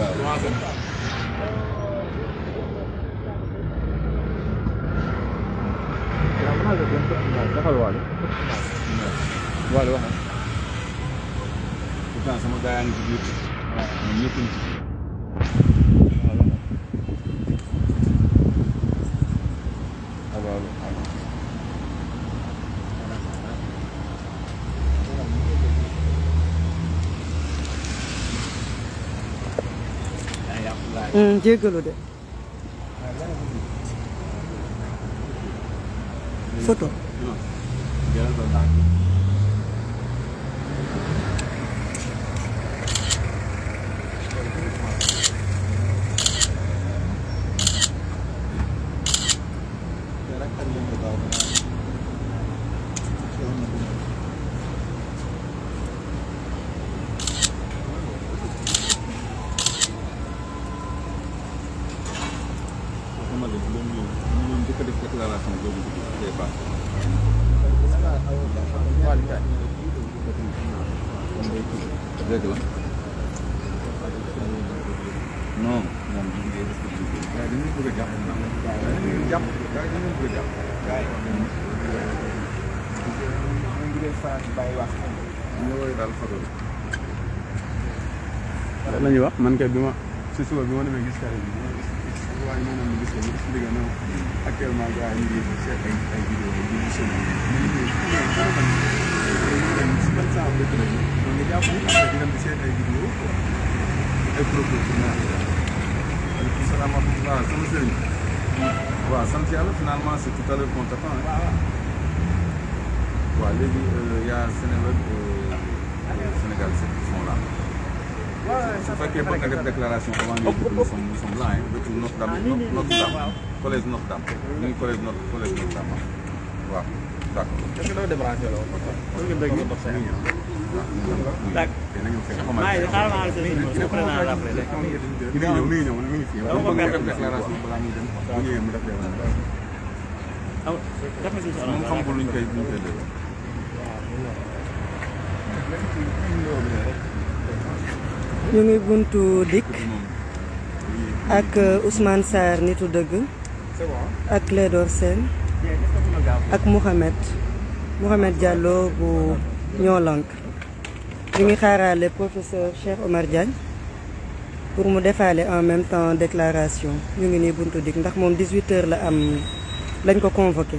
defal waalo waalo wax pourtant sama gaa yaa ngi ci biir ñoom ñëpp うん、デュールで。外。la ñuy wax man kay bi ma si suba bi ma demee gis kàddu gi waaw ñu ngi gis ko gis nga ne actuellement gars yi ñu ngi seet ay ay vidéo yi ñu ngi ay vidéo ay propositions waaleykum salaam wa rahmatulah sama sëriñ waaw sant yàlla finalement c'est tout à l'heure qu'on t'attend waaw léegi y a Sénégal Sénégal su fekkee bëgg nga def déclaration avant ngay dugg nous sommes nous sommes là hein dëkk Notre-Dame Notre-Dame collège Notre-Dame ñu ngi collège Notre collège Notre-Dame waaw d'accord. est-ce que doo débranché la woon. dëgg dëgg ñu ngi ñëw mi ngi ñëw mi ngi fi bëgg nga def déclaration balaa muy dem bu ñëwee mu def déclaration moom xamagul luñ koy luñ koy déglu ñu ngi buntu Dik, ak euh, Ousmane Sarr nitu deug ak Clédor Sen, ak Mohamed, Mohamed Diallo bu ñolank lank ñu ngi le professeur Cheikh Omar Diagne pour mu defaale en même temps déclaration Nous ngi ni buntu dik ndax à 18 h la am lañ ko convoqué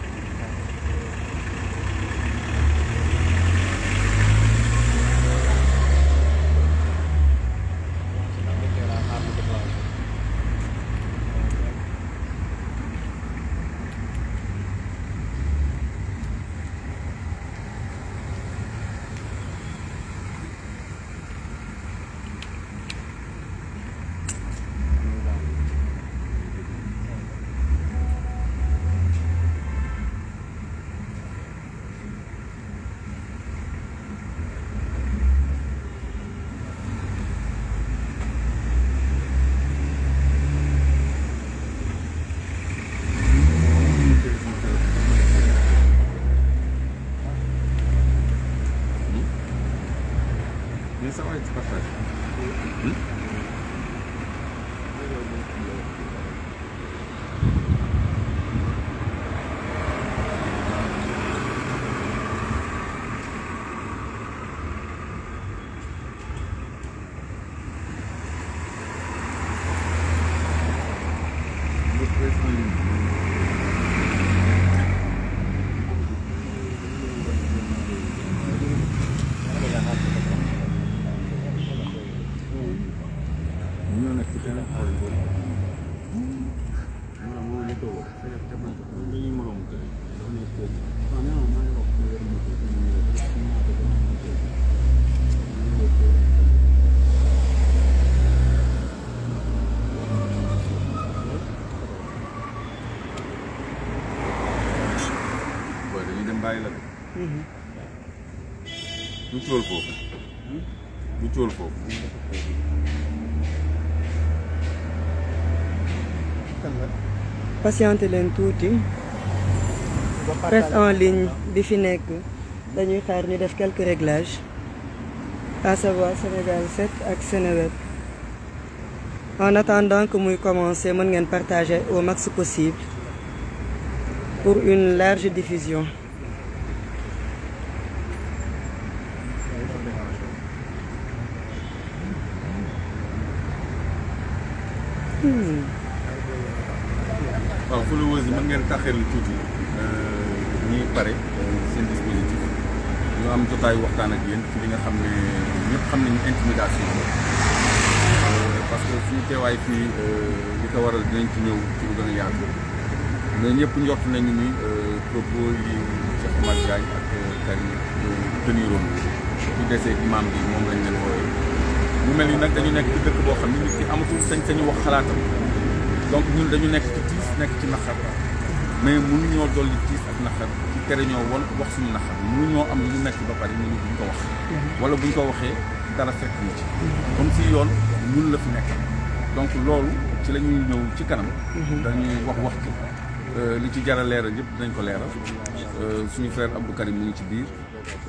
tóol du tóol Reste patiente touti en ligne bi fi nek dañuy quelques réglages à savoir Sénégal 7 ak 9. en attendant que nous commencer mën ngeen partager au max possible pour une large diffusion premier ngeen taxeelu tuuti ñuy pare seen dispositif ñu am jotaay waxtaan ak yéen ci li nga xam ne ñëpp xam nañu intimidation parce que suñu teewaay fii li ko waral dinañ ci ñëw ci lu gën a yaatu mais ñëpp njort nañu ni propos yi Cheikh Omar Diagne ak Karim teniroon su desee imam bi moom lañ leen wooyee mu mel ni nag dañu nekk ci dëkk boo xam ne nit ki amatul sañ-sañu wax xalaatam donc ñun dañu nekk ci tiis nekk ci naqar mais mu mënuñoo dolli tiis ak naqar ci tere ñoo won wax suñu naqar mënuñoo am lu nekk ba pare ñu ne buñ ko wax wala buñ ko waxee dara fekk ñu ci comme si yoon ñun la fi nekk donc loolu ci la ñuy ñëw ci kanam dañuy wax wax ci euh, li ci jar a leeral yëpp dinañ ko leeral euh, suñu frère Abdou Karim mu ngi ci biir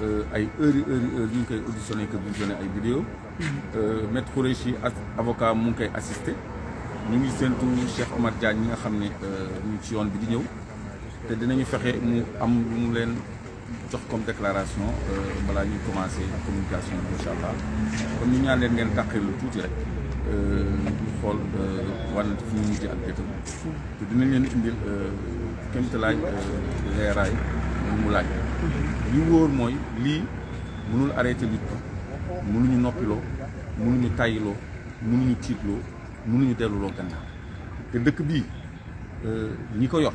euh, ay heures yi heures yi heures ñu ngi koy auditionné que visionné ay vidéo maître Khoureyssi ak avocat mu ngi koy assisté ñu ngi seentu Cheikh Omar Diagne ñi nga xam ne ñu ci yoon bi di ñëw te dinañu fexe mu am lu mu leen jox comme déclaration euh, balaa ñuy commencé communication bi incha allah kon ñu ñaan leen ngeen tàqee lu tuuti rek euh, ñu xool euh, wànn fu ñu mujj ak jëkkër te dinañ leen indil kéemtalaay leeraay mu laaj li wóor mooy lii mënul arrêté nit ko mënuñu noppiloo mënuñu tàyyiloo mënuñu tiitloo mënuñu delluloo gannaaw te dëkk bii ñi ko yor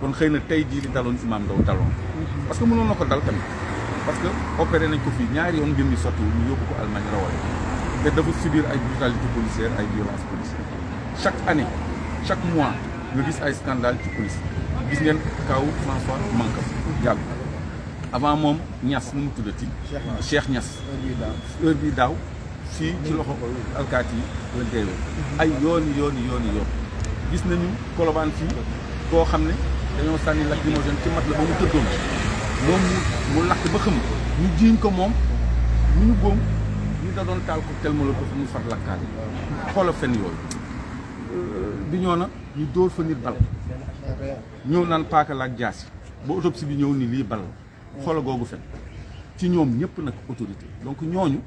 kon xeyna tay ji li Imam Ndao dalon parce que mënon na dal tam parce que opéré nañ ko fi ñaar yoon ngir ñu sotti ñu yobbu ko almagne rawal té dafa subir ay brutalité policière ay violence policière chaque année chaque mois nga gis ay scandale ci police gis ngeen kaw François Mankam yag avant mom ñass nu mu tuddati Cheikh ñass heure bi daw fii ci loxo alkati lañ la mhm. ay yoon yoon yoon yoon gis nañu kolobane fi ko xamne dañoo sànni lacrymogène ci mat la ba mu tëddoon moom mu lakk ba xam ñu jiiñ ko moom ñu ñu góom ñu da doon taal ko telma la ko fi mu far lakkaale xoola fen yooyu bi euh, ñoo na ñu dóor fa nit bal ñëw naan paaka laak jaasi ba autopsie bi ñëw ni lii bal la xoola googu fen ci ñoom ñëpp nag autorité donc ñooñu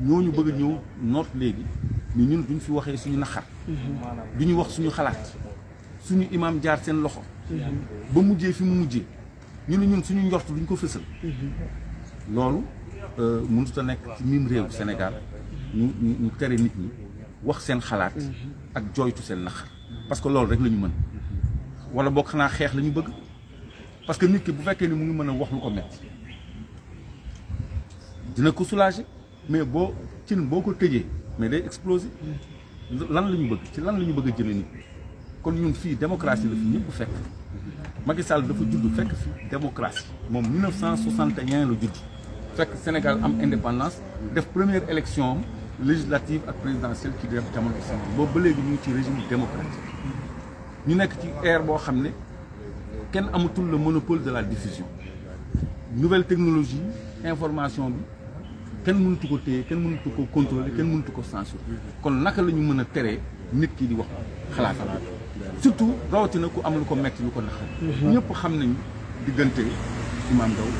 ñu bëgg ñëw noot léegi ni ñun duñ fi waxee suñu naxar mm-hmm. ñu wax suñu xalaat suñu imaam jaar seen loxo ba mujjé fi mu mujjee ñu ñun suñu ñort duñ ko fësal loolu euh, mënut a nek ci mim réew Sénégal ñu ñu tere nit ñi wax seen xalaat ak joytu seen nax parce que loolu rek lañu ñu mën wala bok xana xex lañu bëgg parce que nit ki bu fekkee ni mu ngi mëna wax lu ko metti dina ko soulager mais bo ci boko ko mais day exploser lan lañu bëgg ci lan lañu bëgg a nit kon ñun fii démocratie la fi ñëpp fekk Macky Sall dafa judd fekk fi démocratie moom 1961 la judd fekk Sénégal am indépendance def première élection am législative ak présidentielle ci def jamono Sénégal boobu ba léegi ñu ci régime démocratique ñu nekk ci ère boo xam ne kenn amatul le monopole de la diffusion nouvelle technologie information bi kenn mënatu ko téye kenn mënatu ko contrôler kenn mënatu ko censurer kon naka la ñu mën a teree nit ki di wax xalaat surtout rawatina ku am lu ko metti lu ko naxal mhm. ñëpp xam nañu diggante Imam Ndaw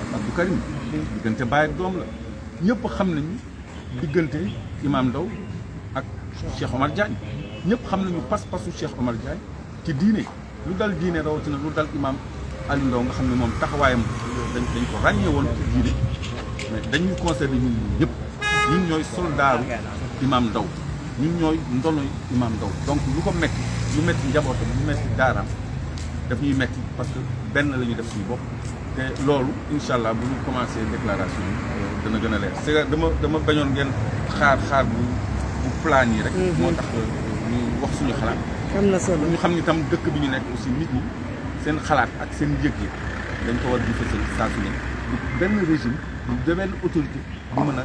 ak Abdou Karim mhm. diggante baay ak doom la ñëpp xam nañu diggante Imam Ndaw ak Cheikh Omar Diagne ñëpp xam nañu pas-pasu Cheikh Omar Diagne ci diine lu dal diine rawatina lu dal Imam Aliou nga xam ne moom taxawaayam dañ dañ ko ràññee woon ci diine mais dañuy conseillé ñun ñëpp ñun ñooy soldaaru Imam Ndaw ñun ñooy ndonoy Imam Ndao donc lu ko metti lu metti njabootam lu metti daaraam daf ñuy metti parce que benn la ñu def suñu bopp te loolu incha allah bu ñu commencé déclaration euh, dana gën a leer c'est dama bañoon ngeen xaar xaar bu plan yi rek mhm. moo tax euh, ñu wax suñu xalaat am na solo ñu xam ni tam dëkk bi ñu nekk aussi nit ñi seen xalaat ak seen yëg-yëg dañ ko war di fësal saa su ne benn régime du benn autorité bu mën a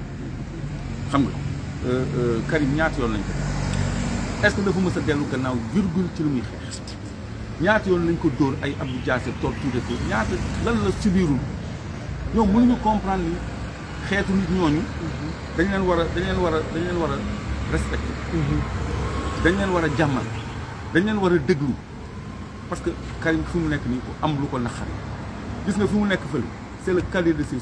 xam nga euh, euh, Karim ñaata yoon lañ ko def est-ce que dafa mës a dellu gannaaw virgule ci li muy xeex ñaata yoon lañ ko dóor ay Abdou Diassé torturé ko ñaata lan la subirul ñoom mënuñu comprendre ni xeetu nit ñooñu dañ leen war a dañ leen war a dañ leen war a respecté dañ leen war a jàmmal dañ leen war a déglu parce que Karim fi mu nekk nii ko am lu ko naqari gis nga fi mu nekk fële c'est le cadet de ses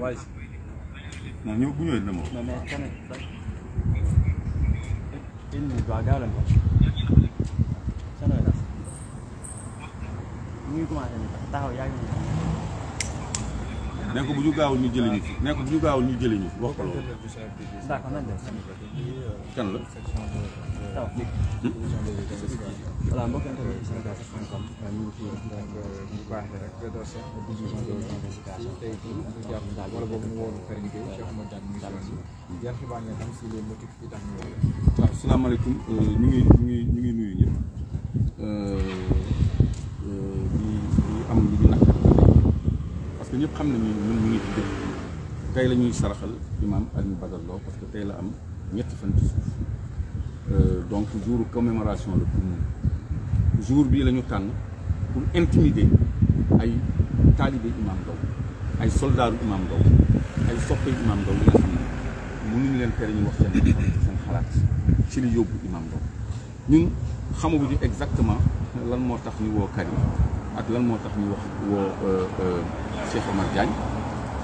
Wise. Na nyo kunyo ile mo. Na na kane. In ni ba ga le mo. Sana la. Ni kuma ta ho ya ni. ne ko bu ñu gaawul ñu jëli ñu fi ne bu ñu gaawul ñu jëli ñu wax ko loolu. d'accord nañ dem. kan la. voilà mbokk kan internet senegal7.com ñu ngi fii donc bu rek da sax décision de investigation tey jii ñu jàpp daal wala boobu ñu woonu Khary Gueye Cheikh Oumar Diagne mi si yan xibaar ngeen am si les motifs yi tax ñu woo waaw salaamaaleykum ñu eh, ngi ñu ngi ñu ngi nuyu ñëpp ñëpp xam nañu ñun ñu ngi ci tey la ñuy saraxal imaam Alioune Badara Lo parce que tey la am ñetti fan ci suuf euh, donc jour commémoration la pour ñun jour bii la ñu tànn pour intimider ay taalibe imaam Ndao ay soldaaru imaam Ndao ay soppe imaam Ndao yi nga leen tere ñu wax seen seen xalaat ci li yóbbu imaam Ndao ñun xamaguñu exactement lan moo tax ñu woo Karim ak lan moo tax ñu wax woo euh, euh, Cheikh Omar Diagne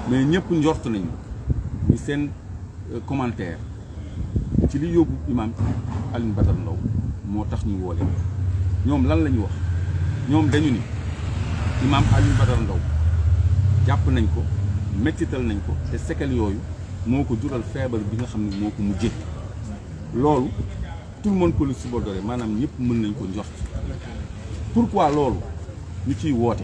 mais ñëpp njort nañu ni seen euh, commentaire ci li yóbbu imam Alioune Badara Ndao moo tax ñu woole ñoom lan la ñu wax ñoom dañu ni imam Alioune Badara Ndao jàpp nañ ko mettital nañ ko te sekel yooyu moo ko jural feebar bi nga xam ne moo ko mujjee loolu tout le monde peut le subodorer maanaam ñëpp mën nañ ko njort pourquoi loolu ñu ciy woote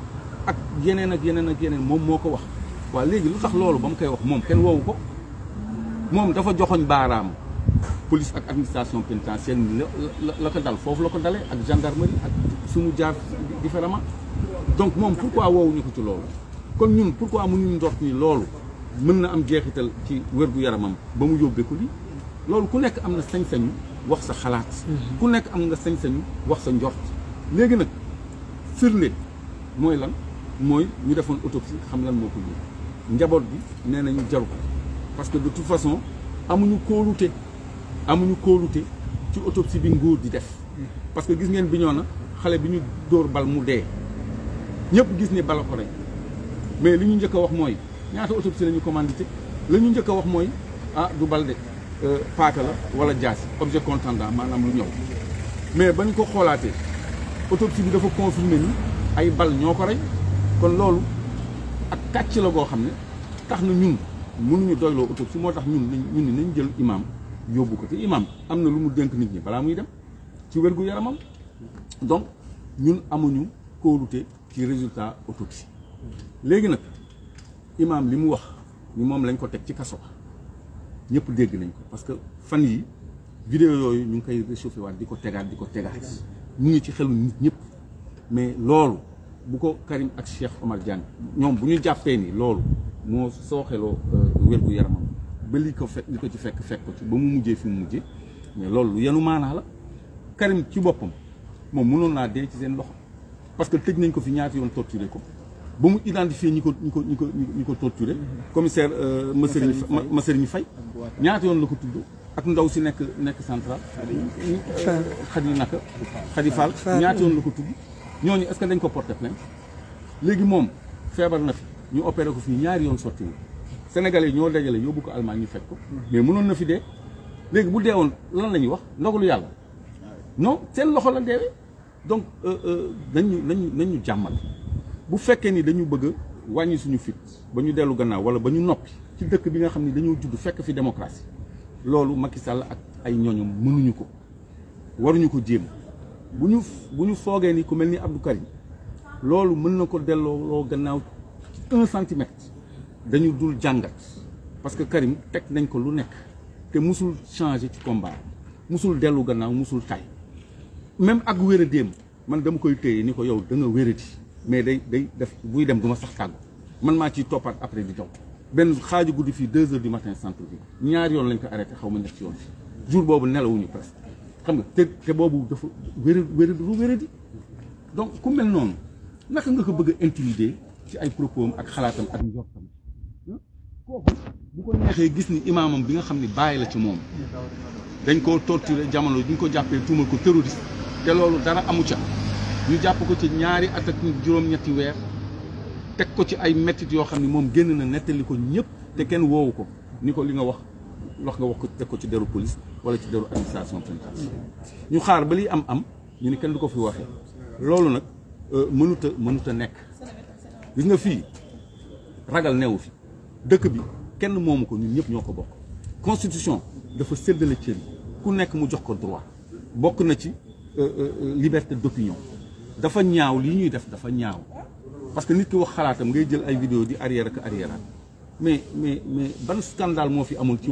ak yeneen ak yeneen ak yeneen moom moo ko wax waa léegi lu tax loolu ba mu koy wax moom kenn woowu ko moom dafa joxoñ baaraam police ak administration pénitentiaire la la ko dal foofu la ko dalee ak gendarmerie ak suñu jaar différemment donc moom pourquoi woowuñu ko ci loolu kon ñun pour ko pourquoi mënuñu njort nii loolu mën na am jeexital ci wér-gu-yaramam ba mu yóbbee ko lii loolu ku nekk am na sañ-sañu wax sa xalaat mhm. ku nekk am nga sañ-sañu wax sa njort léegi nag firnde mooy lan moy ñu defon autopsie xam lan moko ñu njabot bi nee nañu jaru ko parce que de toute façon amuñu kóolute amuñu kóolute ci autopsie bi nguur di def parce que gis ngeen bi ñoo na bi ñu bal mu dé ñepp gis ni bala ko mais li ñu njëkk wax moy ñaata autopsie la ñu commandité la ñu njëkk wax moy ah du bal de euh, paaka la wala jass objet contendant manam lu ñëw mais ba ko xoolaatee autopsie bi dafa confirmer ni ay bal ñoo ko kon loolu ak kàcc la goo xam ne tax na ñun mënuñu doyloo autopsie moo tax ñun ñun ni nañ jël imaam yóbbu ko te imaam am na lu mu dénk nit ñi balaa muy dem ci wérgu yaramam donc ñun amuñu kóolute ci résultat autopsie léegi nag imam li mu wax ni moom lañ ko teg ci kaso ñëpp dégg nañ ko parce que fan yi vidéo yooyu ñu ngi koy réchauffé waat di ko tegaat di ko tegaat ñu ngi ci xelu nit ñëpp mais loolu bu ko Karim ak Cheikh Omar Diagne ñoom bu ñu jàppee nii loolu moo sooxeloo euh, wérgu yaramam ba li ko fekk li ko ci fekk fekk ko ci ba mu mujjee fi mu mujjee mais loolu yenu maanaa la Karim ci boppam moom mënoon naa dee ci seen loxo parce que tëj nañ ko fi ñaati yoon torturé ko ba mu identifié ñi ko ñi ko ñi ko ñi ko torturé commissaire euh, Masserigne Masserigne Faye ñaati yoon la ko tudd ak ndaw si nekk nekk central xadi naka xadi Fall ñaati yoon la ko tudd ñooñu est que dañ ko porter plainte léegi moom feebar na fi ñu opéré ko fii ñaari yoon sotti na Sénégalais yi ñoo dajale yóbbu ko Allemagne ñu fekk ko mais mënoon na fi dee léegi bu dee woon lan la ñuy wax ndogalu yàlla non seen loxo la deewee donc euh, euh, nañu nañu nañu jàmmal bu fekkee ni dañu bëgg wàññi suñu fit ba ñu dellu gannaaw wala ba ñu noppi ci dëkk bi nga xam ne dañoo judd fekk fi démocratie loolu Macky Sall ak ay ñooñu mënuñu ko waruñu ko jéem bu ñu bu ñu ni ku mel Abdou Karim loolu mën na ko delloo gannaaw un centimètre dañu dul jangat parce que Karim tek nañ ko lu nek té musul changer ci combat musul dellu gannaaw musul tay même ak wéré dem man dama koy téye ni ko yow da nga wéré wéradi mais day day def buy dem duma sax tàggu man ma ci topat après di daw ben xaaju guddi fi 2h du matin centre bi ñaar yoon lañ ko arrêté xawma ma ci yoon jour bobu nelawuñu presque xam nga te boobu dafa wér wér dafa wéradi donc ku mel noonu naka nga ko bëgg a intimider ci ay propos ak xalaatam ak njortam kooku bu ko neexee gis ni imaamam bi nga xam ne bàyyi la ci moom dañ koo torturer jamono duñ ko jàppee tuumal ko terroriste te loolu dara amu ca ñu jàpp ko ci ñaari at ak juróom-ñetti weer teg ko ci ay mettit yoo xam ne moom génn na nettali ko ñëpp te kenn woowu ko ni ko li nga wax wax nga wax ko teg ko ci deru police wala ci deru administration ñu xaar ba li am am ñu kenn du ko fi euh, gis nga ragal fi dëkk bi kenn constitution dafa séddale cër ku mu jox ko droit na euh, euh, liberté d'opinion dafa ñaaw li ñuy def dafa ñaaw parce que nit ki wax xalaatam ngay jël ay vidéo di arrière arrière mais mais scandale fi amul ci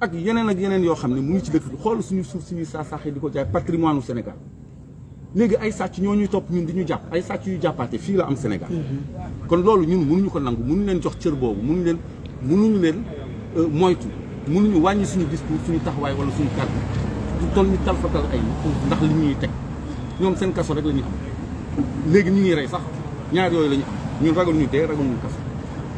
ak yeneen ak yeneen yoo xam ne mu ngi ci dëkk bi xool suñu suuf suñuy saax yi di ko jaay patrimoine u Sénégal léegi ay sàcc ñoo ñuy topp ñun di ñu jàpp ay sàcc yu jàppaate fii la am Sénégal mm-hmm. kon loolu ñun mënuñu ko nangu mënuñu leen jox cër boobu mënuñu leen mënuñu leen euh, moytu mënuñu wàññi suñu discours suñu taxawaay wala suñu kàddu du toll ñu talfatal ay ndax li ñuy teg ñoom seen kaso rek lañu am léegi ñu ngi rey sax ñaar yooyu la am ñun ragal ñu dee ragal ñu kaso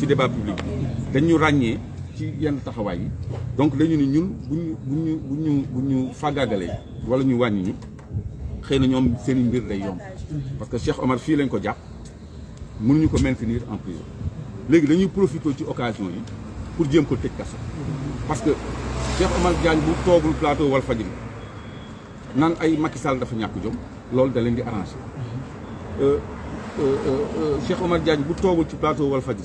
ci débat public dañ ñu ràññee ci yenn taxawaay yi donc dañu ne ñun bu ñu bu ñu bu ñu bu ñu wala ñu wàññi xëy na ñoom seen i mbir day yomb parce que Cheikh Omar fii lañ ko jàpp mënuñu ko maintenir en prison léegi dañuy profité ci occasion yi pour jéem ko teg kaso parce que Cheikh Omar Diagne bu toogul plateau Walfadjri nan ay Macky Sall dafa ñàkk jom loolu da leen di arrangé euh, euh, euh, Cheikh Omar Diagne bu toogul ci plateau Walfadjri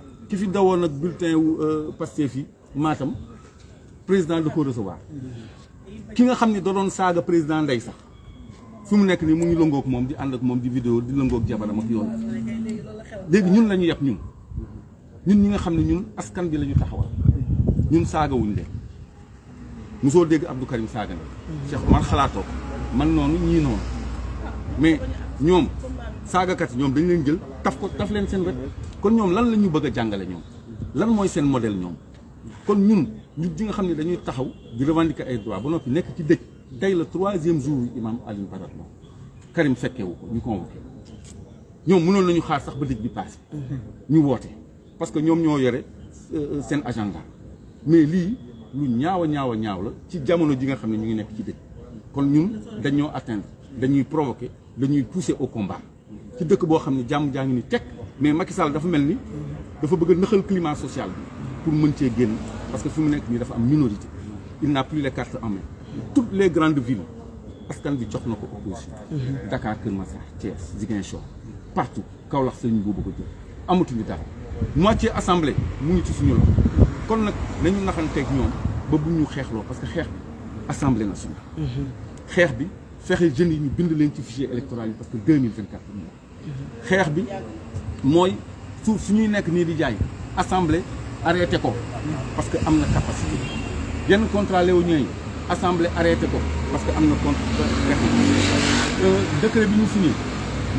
ki fi dawoon nag bulletin wu euh, Pastef yi Matam président da ko recevoir ki nga xam ne da doon saaga président ndey sax fu mu nekk nii mu ngi lëngoog moom di ànd ak moom di vidéo di lëngoog jabaram ak yoon léegi ñun la ñu yab ñun ñun ñi nga xam ne ñun askan bi lañu ñu taxawal ñun saagawuñ leen mosoo dégg Abdou Karim saaga na Cheikh Omar xalaatoo ko man noonu ñii noonu mais ñoom saagakat yi ñoom dañ leen jël taf ko daf leen seen wet kon ñom lan lañu bëgg jàngalé ñom lan moy seen modèle ñom kon ñun ñu di nga xam dañuy taxaw di revendiquer ay droits bu noppi nekk ci dëj tey la troisième jour yu imam Alioune Badara moom Karim wu ko ñu convoqué ñom mënon lañu xaar sax ba dëj bi passé ñu woté parce que ñom ñoo yoré euh, euh, seen agenda mais li lu ñaawa ñaawa ñaaw la ci jamono ji nga xam ne ñu ngi nekk ci dëj kon ñun dañoo atteindre dañuy provoquer dañuy pousser au combat ci dëkk boo xam ne jàmm jaa ngi ni tekk mais Macky Sall dafa melni ni dafa bëgg neexal climat social pour mën ci guen parce que fimu nek nekk dafa am minorité il n'a plus les cartes en main toutes les grandes villes askan bi jox na opposition Dakar Kër Massar Thiès Ziguinchor partout Kaolack sëñ boobu ko jël amatuñu dara moitié assemblée mu ngi ci suñu loxo kon nak nañu ak ñoom ba buñu xexlo parce que xex assemblée nationale Xex bi fexé jeunes yi ñu bind leen ci fichier électoral parce que 2024 xex bi moi, je suis nek ni nii assemblée arrêtez ko parce que am la capacité yenn contrat léonins yi assemblée arrêtez ko parce que am na contrat euh, décret bi fini,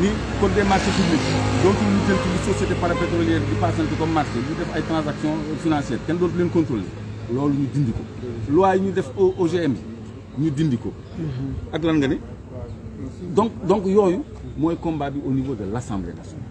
ni code des marchés publics donc ñu jël ci li société parapétrolière di peu comme marché di def des transactions financières kenn doit leen contrôler loi nous dit quoi, loi nous ñu def OGM ñu dindi ko mhm. ak lan nga ne donc donc nous mooy combat au niveau de l'Assemblée nationale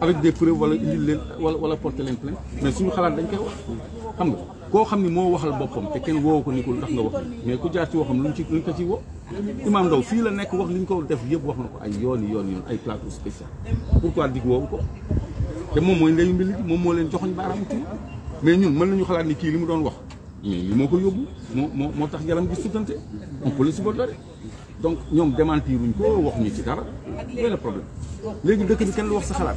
avec des preuves wala indil leen wala wala porter leen plainte mais suñu xalaat dañ koy wax xam nga koo xam ni moo waxal boppam te kenn woowu ko ni ko lu tax nga wax mais ku jaar ci waxam luñ ko ci woo fii la nekk wax li ñu ko def yëpp wax na ko ay yoon yoon yoon ay plateau ko te moom mooy ndeyu mbili moom moo leen joxoñ baaraam tuuti mais ñun mën nañu xalaat ni kii li mu doon wax mais li moo ko yóbbu moo moo tax yaram gi sutante on peut le suborder donc ñoom démentiruñ ko waxuñu ci dara loolu la problème léegi dëkk bi kenn lu wax sa xalaat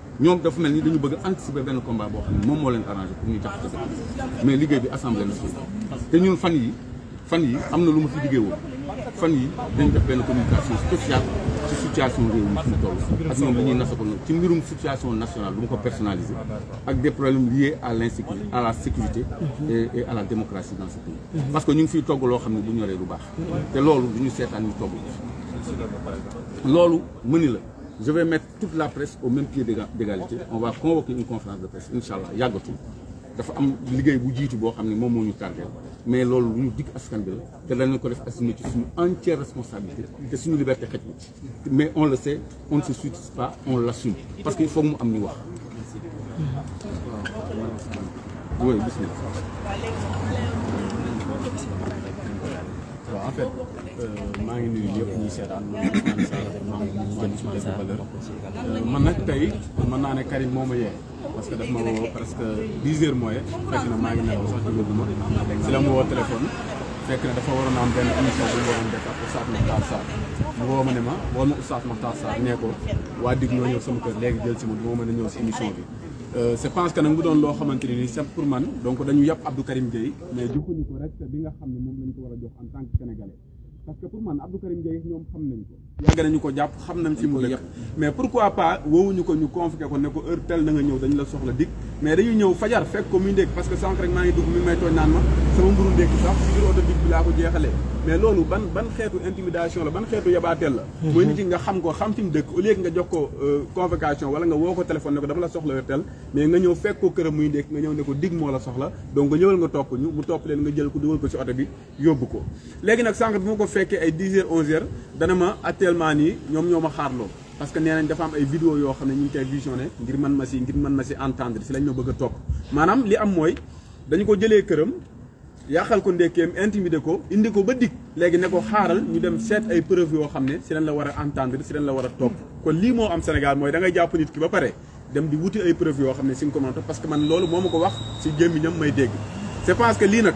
ñoom dafa mel ni dañu bëgg anticiper benn combat boo xam ne moom leen arrangé pour ñu jàpp mais liggéey bi assemblée nationale te ñun fan yi fan yi am na lu fi liggéey woon fan yi dañ def benn communication spéciale ci situation réew mi fi mu toll ak ñoom li ñuy nasako ci mbirum situation nationale lu ma ko personnalisé ak des problèmes liés à l'insécurité à la sécurité et à la démocratie dans ce pays parce que ñu ngi fiy togg loo xam ne bu ñoree du baax te loolu du ñu seetaan ñu togg loolu mëni la je vais mettre toute la presse au même pied d'égalité on va convoquer une conférence de presse Inch'Allah, Yagotou. Il dafa am liggéey bu jiitu boo xam ne mais ce lu ñu dit askan bi la une entière responsabilité de une liberté mais on le sait on ne se suit pas on l'assume parce qu'il faut nous am oui en fait euh, maa ngi nuyu ñëpp ñuy seetaan Ousmane Sarr maam gën Ousmane Sarr man nag tey mën naa ne Karim moo ma yee parce que daf ma woo presque dix heures mooy fekk na maa ngi nelaw sax jógaguma si la ma woo téléphone fekk na dafa waroon am benn émission bu mu waroon def ma ne ma woo ma Oustaz Makhtar Sarr nee ko waa léegi jël si ma bi je euh, pense que nag mu doon loo xamante ne nii c'est pour man donc dañu yàpp Abdou Karim Gueye mais jukkandiku rek bi nga xam ne moom lañ ko war a jox en tant que sénégalais parce que pour man Abdou Karim Diaye, ñom xam nañ ko. yàgg nañu ko japp xam nañ ci mu dëkk mais pourquoi pas woowuñu ko ñu convoqué ko ne ko heure tel na nga ñew dañ la soxla dik mais dañuy ñew fajar fekk ko muy ndek parce que sank rek ma ngi dugg mi may toñ naan ma sama mburu ndek sax ci biir oto bi laa ko jeexalee mais lolu ban ban xétu intimidation la ban xétu yabatel la moy hum, hum. nit ki nga xam ko xam fi mu dëkk au lieu nga jox ko euh, convocation wala nga woo ko téléphone ne ko dama la soxla heure tel mais nga ñew fekk ko këram muy ndek nga ñew ne ko dig mo la soxla donc nga ñewal nga top ñu mu top leen nga jël ko dugal ko ci auto bi yóbbu ko fekkee ay 10 heures 11 heures dana ma actuellement ñoom ñoo ma xaarloo parce que nee nañ dafa am ay vidéo yoo xam ne ñu ngi koy visionné ngir man ma si ngir man ma si entendre si lañ ma bëgg a topp maanaam li am mooy dañu ko jëlee këram yàqal ko ndekkeem intimidé ko indi ko ba dikk léegi ne ko xaaral ñu dem seet ay preuve yoo xam ne si lañ la war a entendre si lañ la war a topp kon lii moo am Sénégal mooy da ngay jàpp nit ki ba pare dem di wuti ay preuve yoo xam ne si ko mën a parce que man loolu moo ko wax si gémmiñam may dégg c'est parce que lii nag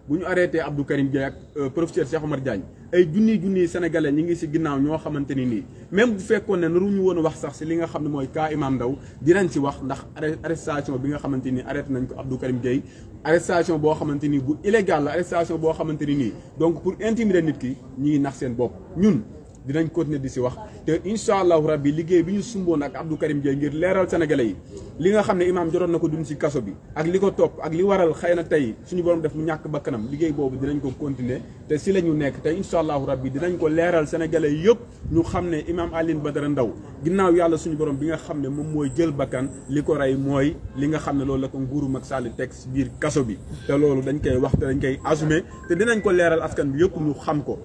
bu ñu arrêté Abdou Karim Gueye ak euh, professeur Cheikh Omar Diagne ay junni junni sénégalais ñi ngi si ginnaaw ñoo xamante ni nii même bu fekkoon ne naruñu woon a wax sax si li nga xam ne mooy cas Imam Ndaw dinañ si wax ndax arrestation bi nga xamante ni arrêté nañ ko Abdou Karim Gueye arrestation boo xamante ni bu illégal la arrestation boo xamante ni nii donc pour intimider nit ki ñi ngi nax seen bopp ñun dinañ continuer di si wax te incha rab rabbi liggéey bi ñu sumboon ak Abdou Karim Dieye ngir leeral sénégalais yi li nga xam ne imaam jotoon na ko dund si kaso bi ak li ko topp ak li waral xëy na tey suñu borom def mu ñàkk bakkanam liggéey boobu dinañ ko continuer te si la ñu nekk te incha rab rabbi dinañ ko leeral sénégalais yëpp ñu xam ne imaam Alioune Badara ndaw ginnaaw yàlla suñu borom bi nga xam ne moom mooy jël bakkan li ko rey mooy li nga xam ne loolu la ko nguuru Macky Sall teg si biir kaso bi loolu dañ koy wax te koy assumer te dinañ ko leeral askan bi yëpp ñu xam ko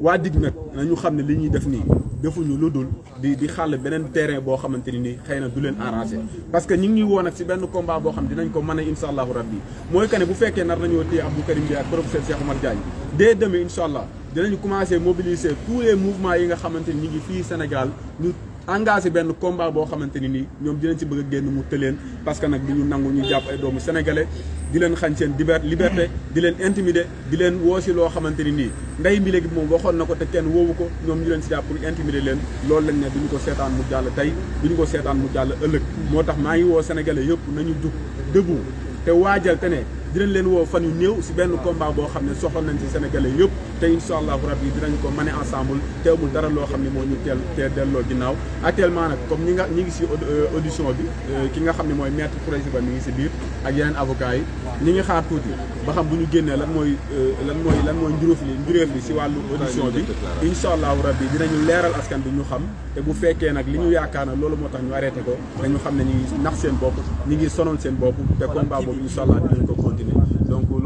waa dig nag nañu xam li ñuy def nii defuñu lu dul di di xàll beneen terrain boo xamante ni nii du leen arrangé parce que ñu ngi ñuy woo nag benn combat boo xam dinañ ko mën a rabbi mooy que bu fekkee nar nañoo téye Abdou Karim Gueye ak professeur Cheikh Oumar Diagne dès demain incha allah dinañu commencé mobiliser tous les mouvements yi nga xamante ni ngi fii Sénégal ñu. engagé benn combat boo xamante ni nii ñoom dinañ ci bëgg a génn mu tëleen parce que nag du ñu nangu ñu jàpp ay doomu sénégalais di leen xañ seen liberté di leen intimider di leen woo si loo xamante ni nii ndey mi léegi moom waxoon na ko te kenn woowu ko ñoom ñu leen si jàpp pour intimider leen loolu lañ ne du ñu ko seetaan mu jàll tey du ñu ko seetaan mu jàll ëllëg moo tax maa ngi woo sénégalais yëpp nañu jug debout te waajal te ne di leen leen woo fa yu néew si benn combat boo xam ne soxal nañ si sénégalais yëpp te incha allahu yi dinañ ko mane ensemble teewul dara loo xam ni moo ñu teel teel delloo ginnaaw actuellement nag comme ñi nga ñi ngi si euh, audition bi euh, ki nga xam ne mooy maître Khoureyssi Ba mi ngi si biir ak yeneen avocat yi ngi xaar tuuti ba xam bu ñu génnee lan mooy euh, lan mooy lan mooy njuróof li njuréef li si wàllu audition bi incha allahu rabbi dinañu leeral askan bi ñu xam te bu fekkee nag li ñu yaakaar na loolu moo tax ñu arrêté ko dañu xam ne ñu nax seen bopp ñi ngi sonal seen bopp te combat boobu incha allah dinañ ko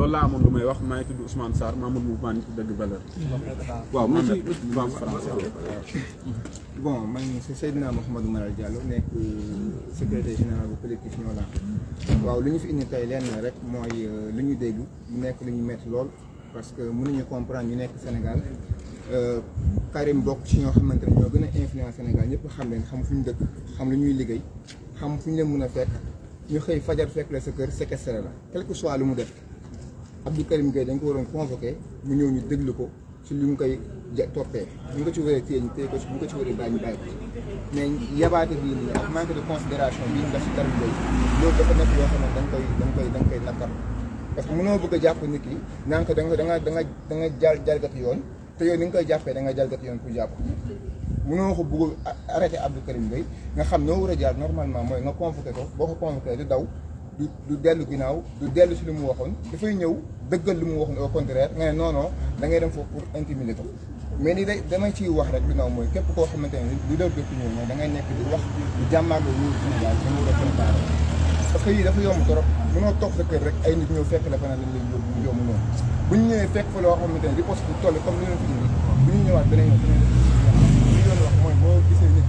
loolu laa amoon lu may wax maa ngi tudd Ousmane Sarr Mamadou Mouvement Nittu Dëgg Valeur. waaw man ci ban bon man si Seydina Mouhamadou Maral Diallo nekk euh, secrétaire général bu collectif ñoo laa waaw lu ñu fi indi tey lenn rek mooy euh, lu ñu dégg mu nekk lu ñu métti lool parce que mënuñu comprendre ñu nekk Sénégal euh, Karim bokk ci ñoo xamante na ñoo gën a influence Sénégal ñëpp xam leen xam fu ñu dëkk xam lu ñuy liggéey xam fu ñu leen mun a fekk ñu xëy fajar fekk la sa kër séquestré la quel que lu mu def Abdou Karim Gueye dañ ko waroon convoqué mu ñëw ñu déglu ko ci li mu koy toppee bu ñu ko ci waree téye ñu téye ko ci bu ñu ko ci waree bàyyi ñu bàyyi ko ci mais yabaate bii nii ak manque de considération bii ñu def ci koy dañ koy parce que mënoo bëgg a jàpp nit ki naan ko da nga da nga da nga da nga jal yoon te ni nga koy jàppee da nga jalgati yoon pour jàpp mënoo ko bëgg arrêté Abdou Karim Gueye nga xam noo war a jaar normalement mooy nga convoqué ko boo ko convoqué du daw du du dellu ginnaaw du dellu si lu mu waxoon dafay ñëw dëggal lu mu waxoon au contraire nga ne non non da ngay dem foofu pour intimider ko mais ni day damay ciy wax rek ginnaaw mooy képp koo xamante ne li doon mooy da ngay nekk di wax di jàmmaarloo ñuy da nga ko préparé parce que yii dafa ay nit ñëw fekk la fa na lañ lay yóbbu ñëwee fekk fa loo xamante ne riposte bu toll comme li ñu ñëwaat beneen yoon beneen yoon li wax mooy boo gisee nit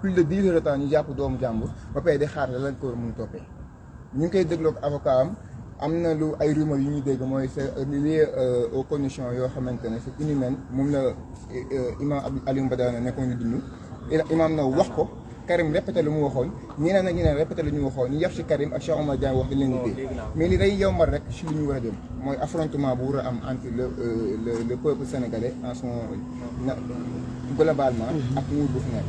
plus de 10 heures de temps ñu jàpp doomu jàmbur ba pay di xaar la lañ ko war mun toppee ñu ngi koy dégloog avocat am am na lu ay rumeur yu ñuy dégg mooy c'est lié aux conditions yoo xamante ne c'est inhumaine moom la imam Aliou Mbadana nekkoon ñu dund imam na wax ko Karim répété lu mu waxoon ñeneen ak ñeneen répété lu ñu waxoon ñu yàq ci Karim ak Cheikh Omar Diagne wax dañ leen di dee mais li day yombal rek ci li ñu war a jëm mooy affrontement bu war a am entre le le le peuple sénégalais en son globalement ak nguur bu fi nekk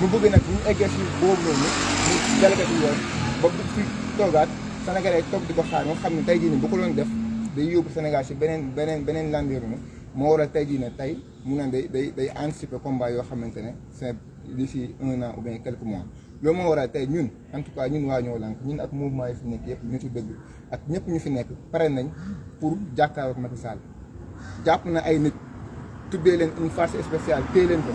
mu bëgg nag ñu eggee si boobu noonu mu jalgati yoon toogaat Sénégalais toog di ko xaar nga xam ne tey jii nii bu ko doon def day yóbbu Sénégal si beneen beneen beneen landeeru moo war tey jii ne tey mu ne day day day anticiper combat yoo xamante ne c'est d'ici un an ou bien quelques mois. loolu moo waral tey ñun en tout cas ñun waa ñoo lànk ñun ak mouvement yi fi nekk yëpp ñu ci dëgg ak ñëpp ñu fi nekk pare nañ pour jàkkaarloo ak Macky Sall jàpp na ay nit tuddee leen une force spéciale leen ko.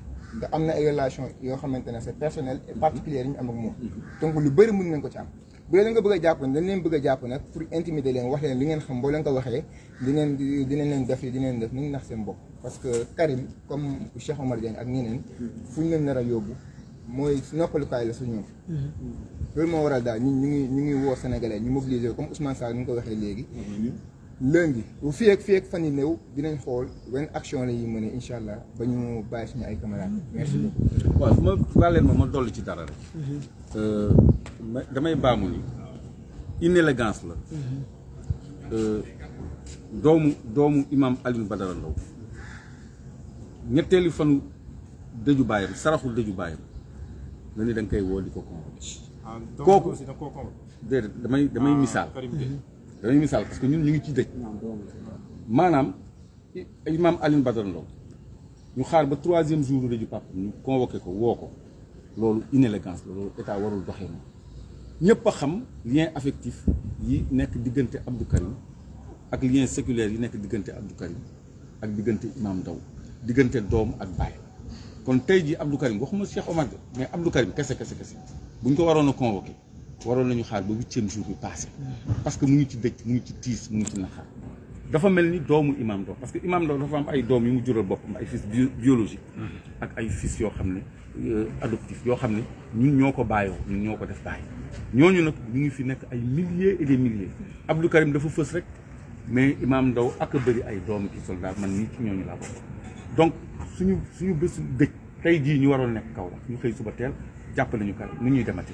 te am na ay relation yoo xamante ne c'est personnel et particulière yi ñu am ak moom donc lu bëri mën nañ ko ci am bu dee nga bëgg a jàpp dañ leen bëgg a jàpp nag pour intimider leen wax leen li ngeen xam boo leen ko waxee dinañ neen leen def li dinañ def ñu ngi nax seen bopp parce que Karim comme Cheikh Omar Diagne ak ñeneen fu ñu leen nar a yóbbu mooy noppalukaay la su ñoom mm-hmm. loolu moo waral daal ñu ñu ngi ñu ngi woo sénégalais ñu mobiliser comme Ousmane Sarr ni nga ko waxee léegi lundi bu fii ak ak fan yi néew dinañ xool wenn action la ñuy mën a incha allah ba ñu bàyyi suñu ay camarades. merci beaucoup. waaw ma baalee ma ma dolli ci dara rek. Mhm. Euh, damay baamu ni inélégance la. Mhm. Euh, doomu doomu imam Alioune Badara Ndao ñetteelu fan dëju baayam saraxul dëju baayam nga ni da koy woo ko convoqué. Ah, kooku déedéet damay damay ah, misaal. dañuy misal parce que ñun ñu ngi ci dëj maanaam imam Alioune badar Ndao ñu xaar ba troisième jour dëju papa ñu convoqué ko woo ko loolu inélégance la loolu état warul doxee moom ñëpp xam lien affectif yi nekk diggante Abdou Karim ak lien séculaire yi nekk diggante Abdou Karim ak diggante imam daw diggante doom ak baay kon tey jii Abdou Karim waxuma Cheikh Omar mais Abdou Karim kese kese kese buñ ko waroon a convoqué waroon nañu xaar ba huitième jour bi passé mm-hmm. parce que mu ngi ci dëj mu ngi ci tiis mu ngi ci naxar dafa mel ni doomu Imaam Ndao parce que Imaam Ndao dafa am ay doom yu mu jural boppam ay fils biologique mm-hmm. ak ay fils yoo xam ne euh, adoptif yoo xam ne ñun ñoo ko bàyyoo ñun ñoo ko def bàyyi ñooñu nag ñu ngi fi nekk ay milliers et des mm-hmm. Karim dafa fës rek mais Imaam Ndao ak a bëri ay doom ci soldat man nii ci ñooñu laa bokk donc suñu suñu bésu dëj tey jii ñu waroon nekk kaw la ñu xëy suba teel jàppale ñu karam nu ñuy demati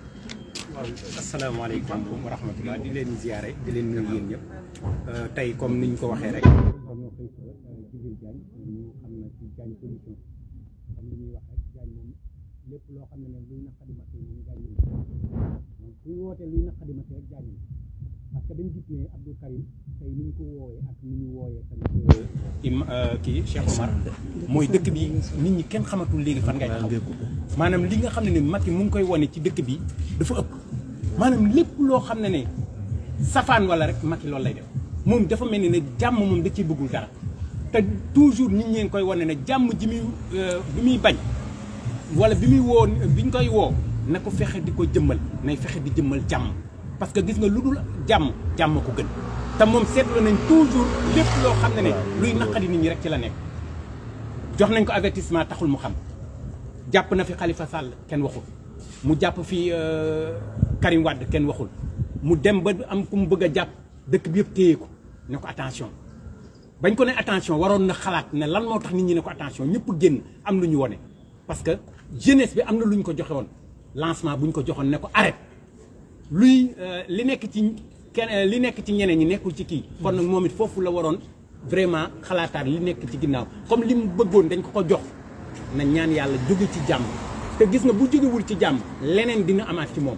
asalaamaaleykum wa rahmatulah di leen ziare di leen nuyu yéen ñëpp euh, tey comme ñu ko waxee rek. ñoo xëy sa Djibril Diagne ñu na ci Diagne solution comme ñuy wax rek Diagne lépp loo xam ne ne luy naqadi mate moom Diagne moom suñu wootee luy naqadi mate rek Diagne parce que dañ gis ne Abdou Karim tey euh, ni ñu ko woowee ak ni ñu wooyee tamit kii Cheikh Omar mooy dëkk bi nit ñi kenn xamatul léegi fan ngay taxaw maanaam li nga xam ne ne Macky mu ngi koy wone ci dëkk bi dafa ëpp manam lépp lo xamne ne safane wala rek maki lol lay def mom dafa melni ne jàmm mom da ci bëggul dara te toujours nit ñi ngi koy wone ne jàmm ji mi bi mi bañ wala bi mi woo biñ koy wo nako fexe di ko jëmmal nay fexe di jëmmal jàmm parce que gis nga luddul dul jàmm jàmm ko gën te mom setlu nañ toujours lépp lo xamne ne luy naqadi nit ñi rek ci la nekk jox nañ ko avertissement taxul mu xam jàpp na fi Khalifa Sall ken waxul mu jàpp fi Karim Wade ken waxul mu dem ba am kum mu bëgg a jàpp bi yëpp téye ko ne ko attention bañ ko ne attention waron na xalaat ne lan mo tax nit ñi ne ko attention ñëpp génn am luñu woné parce que jeunesse bi amna na ko joxe woon lancement buñ ko joxon ne ko arrête luy euh, li nekk ci kenn euh, li nekk ci ñeneen ñi nekkul ci ki kon nag moom it la waron vraiment xalaataat li nekk ci ginnaaw comme lim mu bëggoon dañ ko ko jox na ñaan yàlla jóge ci jàmm te gis na bu jógewul ci jàmm leneen dina amaat ci moom.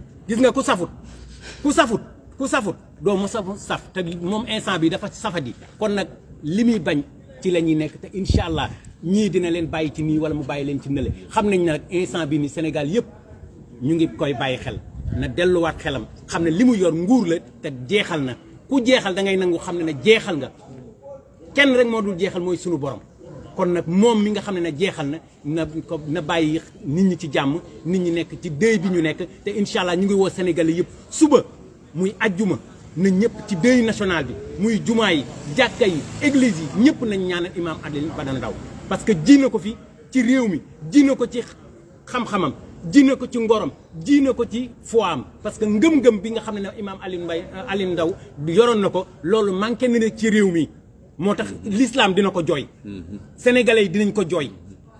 gis nga ku safut ku safut ku safut doo mu saf saf te moom instant bi dafa safadi kon nag li muy bañ ci la ñuy nekk te incha allah ñii dina leen bàyyi ci nii wala mu bàyyi leen ci nële xam nañ nag instant bi ni Sénégal yëpp ñu ngi koy bàyyi xel na delluwaat xelam xam ne li mu yor nguur la te jeexal na ku jeexal da ngay nangu xam ne na jeexal nga kenn rek moo dul jeexal mooy sunu borom kon nag moom mi nga xam ne ne jeexal na na ko na bàyyi nit ñi ci jàmm nit ñi nekk ci dëy bi ñu nekk te incha allah ñu ngi woo sénégalais yëpp suba muy ajjuma na ñëpp ci dëy national bi muy jumaa yi jàkka yi église yi ñëpp nañ ñaanal imam Alioune Badara Ndao parce que jina ko fi ci réew mi jina ko ci xam-xamam jina ko ci ngorom ji na ko ci foam parce que ngëm-ngëm bi nga xam ne ne imaam Alioune Mbaye Alioune Ndao yoroon na ko loolu manqué na ne ci réew mi moo tax l'islam dina ko jooy. sénégalais yi dinañ ko jooy.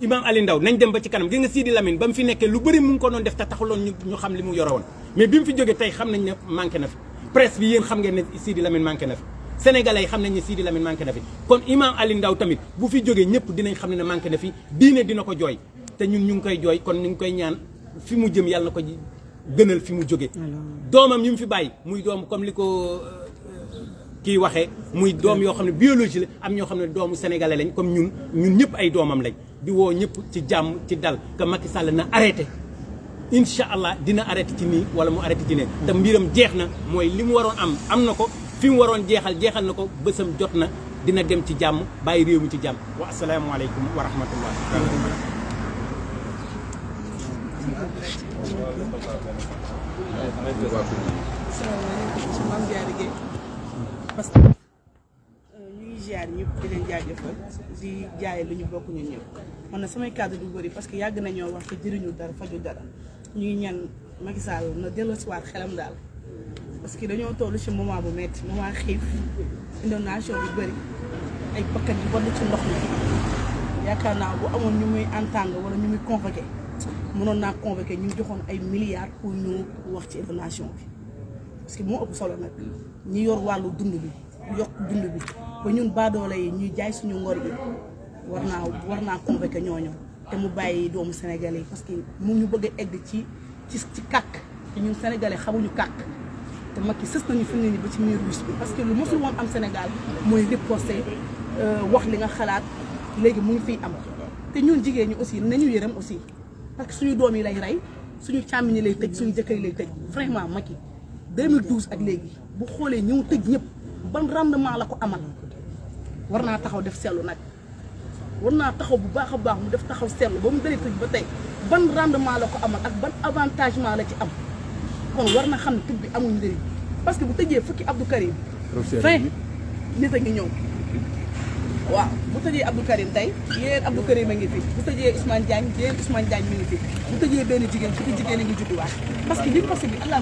Imam Ali Ndaw nañ dem ba ci kanam gis nga Sidi Lamine ba mu fi nekkee lu bëri mu ngi ko doon def te taxuloon ñu ñu xam li mu yore woon mais bi mu fi ne manqué na fi presse bi yéen xam ngeen ne Sidi Lamine manqué na fi. sénégalais yi xam na fi kon Imam Ali Ndaw tamit bu fi jógee ñëpp dinañ xam ne manqué na fi diine dina ko jooy te ñun ñu ngi koy jooy kon ñu ngi koy ñaan fi mu jëm yàlla na ko gënal fi mu jógee. doomam yi mu fi bàyyi muy doom comme li ko kii waxe muy doom yoo xam ne biologie la am ñoo xam ne doomu sénégalais lañ comme ñun ñun ñëpp ay doomam lañ di woo ñëpp ci jàmm ci dal que Macky Sall na arrêté incha allah dina arrêté ci nii wala mu arrêté ci ne te mbiram jeex na mooy li mu waroon am am na ko fi mu waroon jeexal jeexal na ko bësam jot na dina dem ci jàmm bàyyi réew mi ci jàmm wa asalaamualeykum wa rahmatullah salaamaaleykum parce que euh, ñu ngi ziar ñëpp di leen jaajëfal di jaay lu ñu bokk ñun ñëpp man na samay kàddu du bëri parce que yàgg nañoo wax ci jëriñu dara faju dara ñuy ñan ñaan Macky Sall na delloosiwaat xelam daal parce que dañoo toll ci moment bu metti moment xiif inondation bi bëri ay bakkan yi wadd ci ndox mi yaakaar naa bu amoon ñu muy entendre wala ñu muy convoqué mënoon naa convoqué ñu joxoon ay milliards pour ñu wax ci inondation bi parce que moo ëpp solo nag ñi yor wàllu dund bi yokk dund bi ba ñun baadoole yi ñuy jaay suñu ngor bi war naa war naa convoqué ñooñu te mu bàyyi doomu Sénégalais yi parce que mu ñu bëgg a egg ci ci ci kàkk te ñun sénégalais xamuñu kàkk te Macky sës nañu fi mu ne ba ci miir wis bi parce que lu mosul woon am Sénégal mooy riposté euh, wax li nga xalaat léegi mu ngi fiy am te ñun jigéen ñi aussi nañu yërëm aussi parce que suñu doom yi lay rey suñu càmmiñ lay tëj suñu jëkkër yi lay tëj vraiment Macky 2012 ak léegi bu xoolee ñëw tëj ñëpp ban rendement la ko amal war naa taxaw def seetlu nag war naa taxaw bu baax a baax mu def taxaw seetlu ba mu dalee tëj ba tey ban rendement la ko amal ak ban avantagement la ci am kon war na xam ne tëj bi amul njëriñ parce que bu tëjee fukki Abdou Karim. vingt nit a ngi ñëw. waaw bu tëjee Abdou Karim tey yéen Abdou Karim a ngi fi bu tëjee Ousmane Diagne yéen Ousmane Diagne mi ngi fi bu tëjee benn jigéen fukki jigéen a ngi parce que li passé bi allah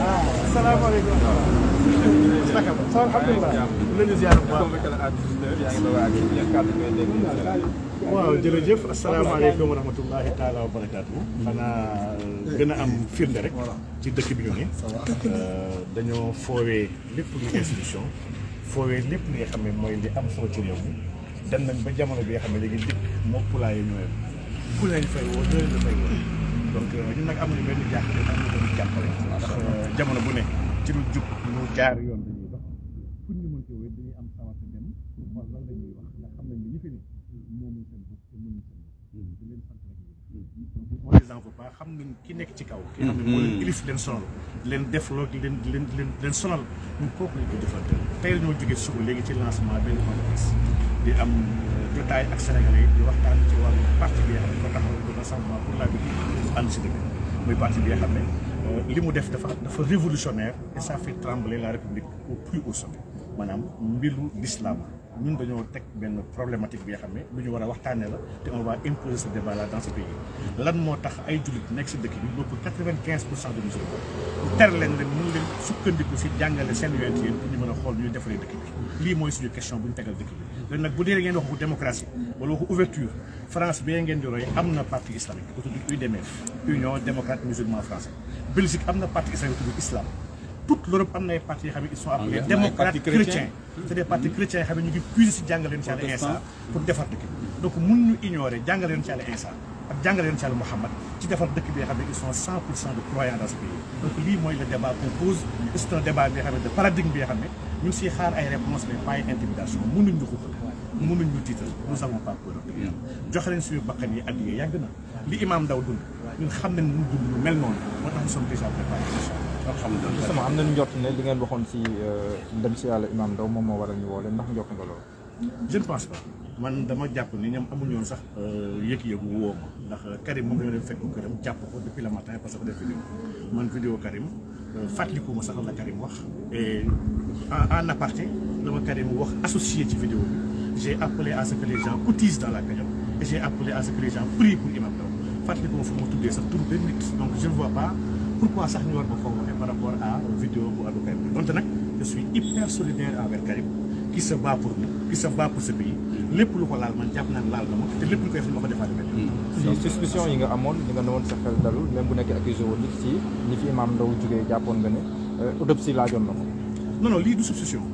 asalaamaaleykum. naka ba soo alhamdulilah. ñu ngi jërëjëf asalaamaaleykum wa rahmatullahi taala wa barakaatu. xanaa euh, gën a am firnde rek. ci dëkk bi ñu ne. Euh, dañoo foowee lépp luy institution. foowee lépp li nga xam ne mooy li am solo ci réew mi. dem nañ ba jamono bi nga xam léegi dikk moo poulailler ku lañ fay woo doo leen fay woo. donc euh, ñun nag am nañu benn jaaxle am euh, jamono bu ne ci lu jub lu jaar yoon bi ñuy dox pour ñu mën cee wéy dañuy am sawar a dem xool lan la ñuy wax ndax xam nañ ne ñu fi ne moomuñ seen bopp te mënuñ seen bopp. Hmm. di leen sant rek hmm. donc on les en veut pas xam nañ ki nekk ci kaw. Hmm. ki xam ne leen ilif leen sonal. di leen defloo di leen di leen di leen sonal suba léegi ci lancement benn entreprise. di am eh, jotaay ak sénégalais di waxtaan ci wàllu parti bi nga xam ne ko taxawal ko rassemblement pour la République ànd si dëgg muy parti bi nga xam ne eh, li mu def dafa dafa révolutionnaire et ça fait trembler la République au plus haut sommet maanaam mbiru l'islam ñun dañoo teg benn problématique bi nga xam ne lu ñu war a waxtaanee la te on va imposer ce débat là dans ce pays lan moo tax ay julit nekk si dëkk bi bopp quatre pour cent de musulmans bu ter leen leen mën leen sukkandiku si jàngale seen yonent yéen pour ñu mën a xool ñu defaree dëkk bi lii mooy suñu question bu ñu tegal dëkk bi léegi nag bu dee ngeen wax waxu démocratie wala waxu ouverture France bee ngeen di roy am na parti islamique bu tudd UDMF Union démocrate musulman français Belgique am na parti islamique islam toute l'Europe am na ay partis yoo xam ils sont appelés démocrates chrétiens c'est des partis chrétiens yoo xam ne ñu ngi puiser si jàngale yoon pour defar dëkk donc mun ñu ignorer jàngale yoon ci Yàlla Isa ak jàngale yoon ci Yàlla Muhammad ci dëkk bi nga ils sont 100 de croyants dans ce pays donc lii mooy le débat qu'on pose c'est un débat bi nga de paradigme bi nga xam ne ñu ngi siy xaar ay réponses mais pas ay intimidation mënuñ ñu mënuñ ñu tital nous avons pas peur jox leen suñu bakkan yi addu yàgg na li imam daw dund ñun xam nañ ñu dund lu mel noonu moo tax sommes déjà préparés alhamdulillah sama amna ñu jot ne li ngeen waxon si euh, dem si yalla imam daw moom moo waral ñu wolé ndax jox nga loolu je ne pense pas man dama japp ni ñam amuñu ñoon sax euh, yëg yek woo ma ndax euh, Karim mo ngi dem fekk karim japp ko depuis le matin parce que def vidéo man vidéo Karim Fatliku ma sax la Karim wax et en aparté dama Karim wax associé ci vidéo bi j'ai appelé à ce que les gens cotisent dans la cagnotte et j'ai appelé à ce que les gens prient pour Imam Daou Faites-le ma fu ma tuddee sax de benn donc je ne vois pas pourquoi ça nous war pas par rapport à vidéo ou à Karim donte je suis hyper solidaire avec Karim qui se bat pour nous qui se bat pour ce pays Les lu ko m'a dit, jàpp naan laal les ma te lépp lu koy def ma ko defaat benn hmm. suspicion yi nga amoon li nga ne woon sa xel d'Alou, même bu nekkee accusé woon nit si ñi fi Imam Ndaw jógee jàppoon nga ne euh, autopsie laajoon non non lii du suspicion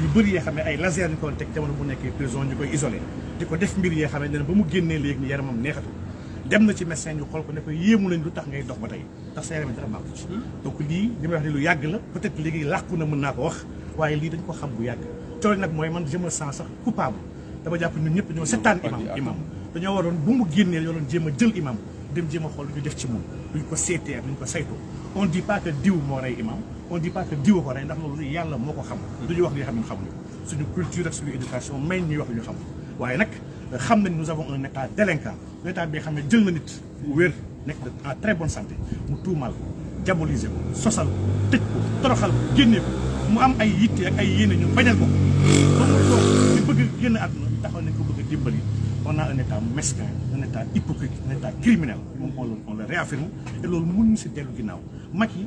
yu bëri yee xam ne ay laser ñu koon bu nekkee prison ñu koy isolé di ko def mbir yoo xam ne ba mu génnee léegi ni yaramam neexatul dem na ci médecin ñu xool ko ne ko yéemu nañ lu tax ngay dox ba tey ndax sa yaram dara manqué ci hmm? donc lii li wax ni lu yàgg la peut-être léegi làkku na mën naa ko wax waaye lii dañ ko xam bu yàgg coono nag mooy man je me sens sax coupable dama jàpp ñun ñëpp ñoo setaan imam imam dañoo waroon bu mu génnee yoo doon a jël imam dem jéem xool ñu def ci moom luñ ko seetee ak luñ ko saytoo on dit pas que on dit pas que diwa ko rey ndax loolu yàlla moo ko xam duñu wax li nga xam ne xamuñu suñu culture ak suñu éducation may ñuy wax li ñu xam waaye nag xam nañ nous avons un état délinquant état bi nga xam ne jël na nit wér nekk en très bonne mu tuumal ko ko sosal ko ko toroxal ko mu am ay yitte ay yéene ñu bañal ko ñu bëgg génn àdduna taxaw nañ ko bëgg a dimbali on a un état mesquin un état hypocrite un état criminel moom on le on le réaffirme te loolu mënuñu si dellu ginnaaw mag yi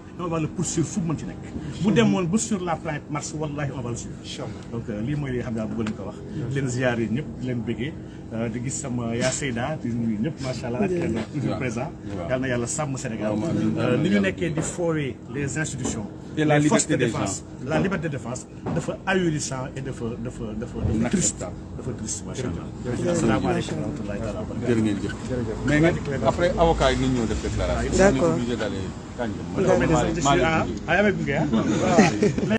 on va le poursuivre fu mu mën ci nekk. bu demoon ba sur la planète Mars wallahi on va le suivre. donc euh, li nga xam daal bëggoon ko wax. len leen ziar yi ñëpp di leen euh, di gis sama ya Seyda di ñep ñëpp macha allah ak toujours présent. yalla na yàlla sàmm Sénégal. Euh, ni ñu nekkee di fowé les institutions. et la liberté de défense la liberté de défense dafa ahurissant et dafa dafa dafa dafa triste dafa triste macha allah. asalaamaaleykum wa rahmatulah. jërë ngeen jëf mais après avocat ñu ñëw def déclaration. d'accord Kanjum. I am a